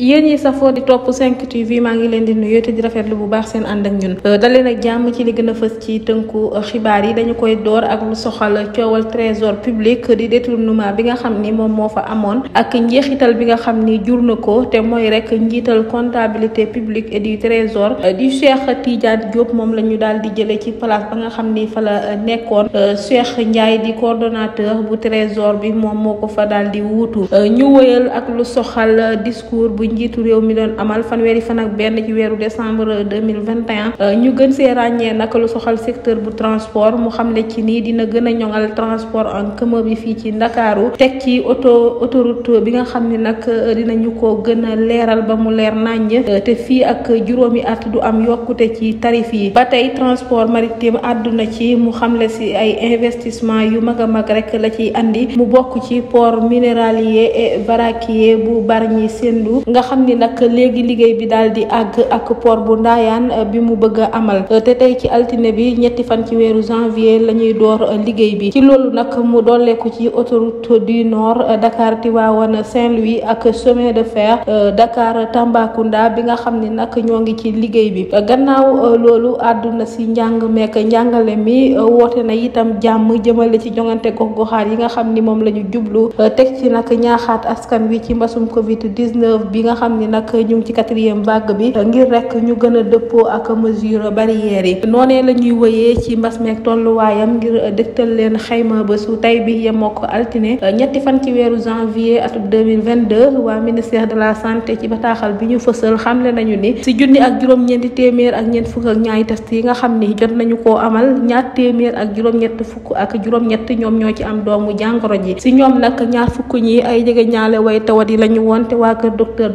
yéen yi safoo di topp 5 TV maa ngi leen di nuyu te di rafetlu bu baax seen ànd ak ñun euh, daleen ak jàmm ci li gën a fës ci tënku euh, xibaar yi dañu koy door ak lu soxal coowal trésor public di détournement bi nga xam ni moom moo fa amoon ak njeexital bi nga xam ni jur na ko te mooy rek njiital comptabilité publique et du trésor euh, di Cheikh tiijaat Diop moom la ñu daal di jëlee ci place ba nga xam ni fa la nekkoon Cheikh Ndiaye di coordonnateur bu trésor bi moom moo ko fa daal di wuutu ñu wëyal ak lu soxal discours bu njiitu réew mi doon amal fanweeri fan benn ci weeru décembre deux mille vingt et un euh, ñu gën see ràññee naka lu soxal secteur bu transport mu xam ne ci nii dina gën a ñoŋal transport en commun bi fii ci ndakaaru teg ci auto autoroute bi nga xam ne nag euh, ñu ko gën a leeral ba mu leer naññ euh, te fii ak juróomi at du am yokkute ci tarif yi ba tey transport maritime àdduna ci mu xamle si ay investissement yu mag a mag rek la ci andi mu bokk ci port minéralier et vraquier bu Bargny Sendou nga xam ni nag léegi liggéey bi daal di àgg ak port bu ndaayaan eh, bi mu bëgg amal eh, te tey ci altine bi ñetti fan ci weeru janvier la ñuy door eh, liggéey bi ci loolu nag mu dolleeku ci autoroute du nord Dakar Tivaouane Saint-Louis ak chemin de fer Dakar Tambacounda bi nga xam ni nag ñoo ngi ci liggéey bi gannaaw loolu àdduna si njàng meek njàngale mi woote na itam jàmm jëmale ci jongante gox goxaat yi nga xam ni moom la ñu jublu teg ci nag ñaaxaat askan nga xam ni nag ñu ngi ci quatrième vague bi ngir rek ñu gën a dëppoo ak mesure barrières yi noonee la ñuy wëyee ci mbas meeg tolluwaayam ngir dëgtal leen xayma ba su tey bi yemoo ko altine ñetti fan ci weeru janvier vingt 2022 waa ministère de la santé ci bataaxal bi ñu fësal xamle nañu ni si junni ak juróom-ñeenti téeméer ak ñeent fukk ak ñaari test yi nga xam ni jot nañu koo amal ñaar téeméer ak juróom-ñett fukk ak juróom ñoom ñoo ci am doomu jàngoro ji si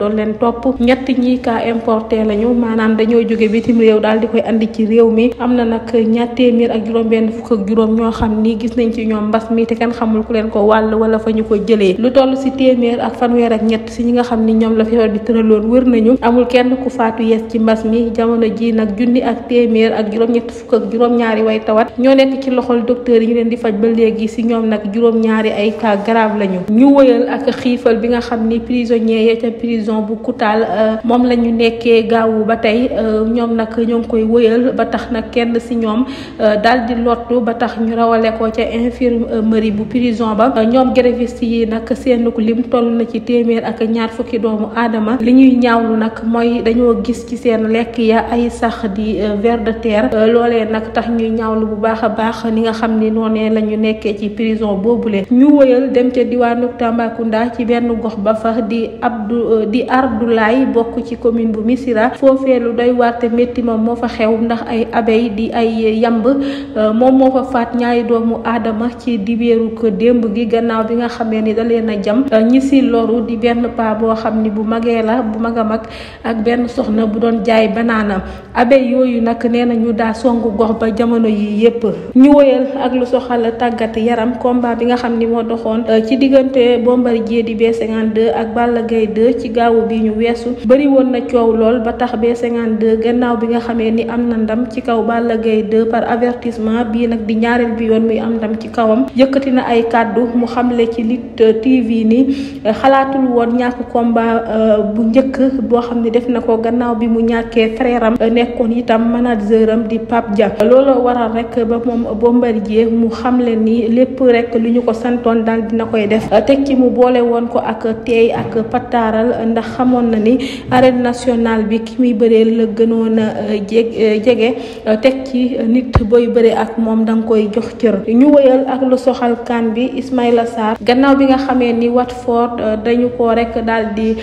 doon leen topp ñett ñi cas importé lañu maanaam dañoo jóge bitim réew daal di koy andi ci réew mi am na nag ñaar téeméer ak juróom-benn fukk ak juróom ñoo xam ni gis nañ ci ñoom mbas mi te kenn xamul leen ko wàll wala fa ñu ko jëlee lu toll si téeméer ak fanweer ak ñett si ñi nga xam ni ñoom la feebar bi tëraloon wër nañu amul kenn ku faatu yees ci mbas mi jamono ji nag junni ak téeméer ak juróom-ñett fukk ak juróom-ñaari way tawat ñoo nekk ci loxol docteur yi ñu leen di faj ba léegi si ñoom nag juróom-ñaari ay cas grave lañu ñu wëyal ak xiifal bi nga xam ni prisonniers ya ca prison région bu Koutal euh, moom la ñu nekkee gaawu ba tey euh, ñoom nag ñoo ngi koy wëyal ba tax nag kenn si ñoom euh, daal di lottu ba tax ñu rawale ko ca infirmerie bu prison ba ñoom grévistes yi nag seen lim tollu na ci téeméer ak ñaar fukki doomu aadama li ñuy ñaawlu nag mooy dañoo gis ci seen lekk ya ay sax di ver de terre loole nag tax ñuy ñaawlu bu baax a baax ni nga xam ni noonee la ñu nekkee ci prison boobule ñu wëyal dem ca diwaanu Tambacounda ci benn gox ba fa di Abdou di ardulay bokk ci commune bu misira fofé lu doy warté metti mom mo fa xew ndax ay abey di ay yamb euh, mom mo fa fat ñaay doomu adama ci wéru ko demb gi gannaaw bi nga xamé ni da leena jam euh, ñi ci loru di benn pa bo xamni bu magé la bu maga a mag ak benn soxna bu doon jaay banana abey yoyu nak nee na ñu da songu gox ba jamono yi yépp ñu woyal ak lu soxal tagat yaram combat bi nga xamni mo doxone euh, ci digënté bombardier di B52 ak Balla gay 2 ci gaawu bi ñu weesu bëri woon na coow lool ba tax B52 gannaaw bi nga xamee ni am na ndam ci kaw Balla Gaye 2 par avertissement bii nag di ñaareel bi yoon muy am ndam ci kawam yëkkati na ay kaddu mu xamle ci Lutte TV ni eh, xalaatul woon ñàkk combat eh, bu njëkk boo xam ne def na ko gannaaw bi mu ñàkkee frère eh, nekkoon itam manager am di pap Dia looloo waral rek ba moom Bombardier mu xamle ni lépp rek lu ñu ko santoon daal dina koy def teg ci mu boole woon ko ak teey ak pataaral ndax xamoon na ni arène nationale bi ki muy bëree la gënoon a euh, euh, jege euh, teg ci nit booy bëree ak moom danga koy jox cër ñu wëyal ak lu soxal kan bi Ismaïla Sarr gannaaw bi nga xamee ni Watford dañu ko rek daal di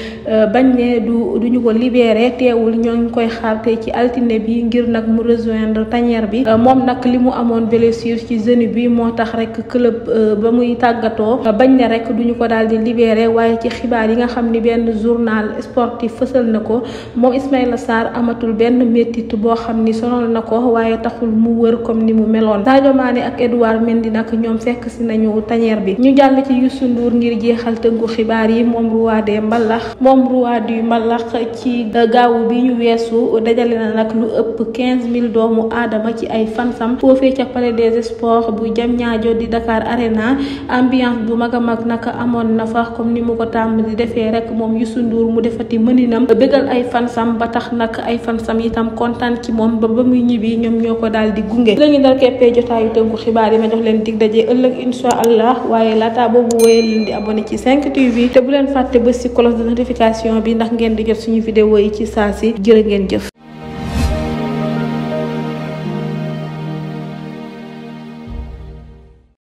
bañ ne du duñu ko libéré teewul ñoo ngi koy xaarte ci altine bi ngir nag mu rejoindre tanière bi moom nag li mu amoon blessure ci genou bi moo tax rek club ba muy tàggatoo bañ ne rek duñu ko daal di waaye ci xibaar yi nga xam ni benn journal sportif fessel nako mom Ismaïla sar amatul ben méttitu boo xam ni sonal na ko taxul mu wër comme ni mu melone Sadio Mané ak Edouard Mendy nak ñom fekk ci nañu tanière bi ñu jall ci Youssou Ndour ngir jeexal tënku xibaar yi mom roi mbalax mom roi du mbalax ci gaaw bi ñu wessu dajalé na nak lu ëpp 15000 doomu adama ci ay sam fofé ci palais des sports bu jam ñaajo di Dakar Arena ambiance bu maga mag nak amon na fa comme ni mu ko tam di défé rek mom Youssou Ndour mu defati mëninam bégal ay fansam ba tax nag ay fansam itam kontaan ci moom ba ba muy ñibbi ñoom ñoo ko daal di gunge la ñu dal keppee jotaayu tënku xibaar yi ma jox leen dig dajee ëllëg incha allah waaye laata boobu wooyee leen di abonné ci 5TV te bu leen fàtte bës ci cloche de notification bi ndax ngeen di jot suñu vidéo yi ci saa si jërë ngeen jëf